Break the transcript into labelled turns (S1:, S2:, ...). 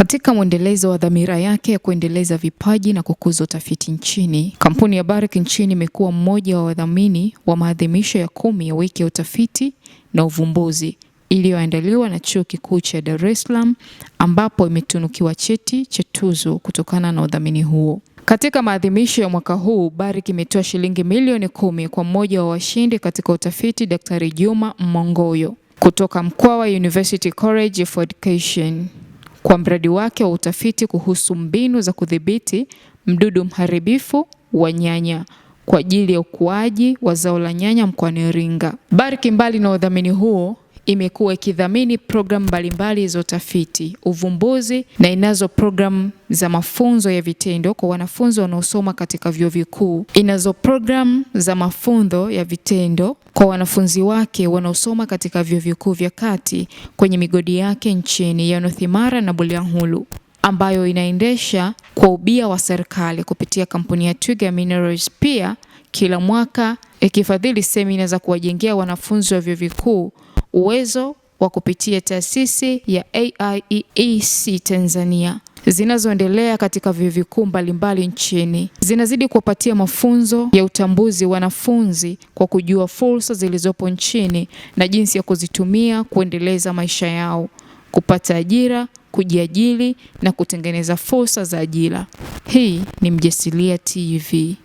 S1: Katika mwendelezo wa dhamira yake ya kuendeleza vipaji na kukuza utafiti nchini, kampuni ya Barrick nchini imekuwa mmoja wa wadhamini wa maadhimisho ya kumi ya wiki ya utafiti na uvumbuzi iliyoandaliwa na Chuo Kikuu cha Dar es Salaam ambapo imetunukiwa cheti cha tuzo kutokana na udhamini huo. Katika maadhimisho ya mwaka huu, Barrick imetoa shilingi milioni kumi kwa mmoja wa washindi katika utafiti, Daktari Juma Mmongoyo kutoka Mkwawa University College for Education kwa mradi wake wa utafiti kuhusu mbinu za kudhibiti mdudu mharibifu wa nyanya kwa ajili ya ukuaji wa zao la nyanya mkoani Iringa. Bariki mbali na udhamini huo imekuwa ikidhamini programu mbalimbali za utafiti, uvumbuzi na inazo programu za mafunzo ya vitendo kwa wanafunzi wanaosoma katika vyuo vikuu. Inazo programu za mafunzo ya vitendo kwa wanafunzi wake wanaosoma katika vyuo vikuu vya kati kwenye migodi yake nchini ya Northimara na Bulyanhulu ambayo inaendesha kwa ubia wa serikali kupitia kampuni ya Twiga Minerals, pia kila mwaka ikifadhili semina za kuwajengea wanafunzi wa vyuo vikuu uwezo wa kupitia taasisi ya AIEEC Tanzania zinazoendelea katika vyuo vikuu mbalimbali nchini zinazidi kuwapatia mafunzo ya utambuzi wanafunzi kwa kujua fursa zilizopo nchini na jinsi ya kuzitumia kuendeleza maisha yao, kupata ajira, kujiajiri na kutengeneza fursa za ajira. Hii ni Mjasilia TV.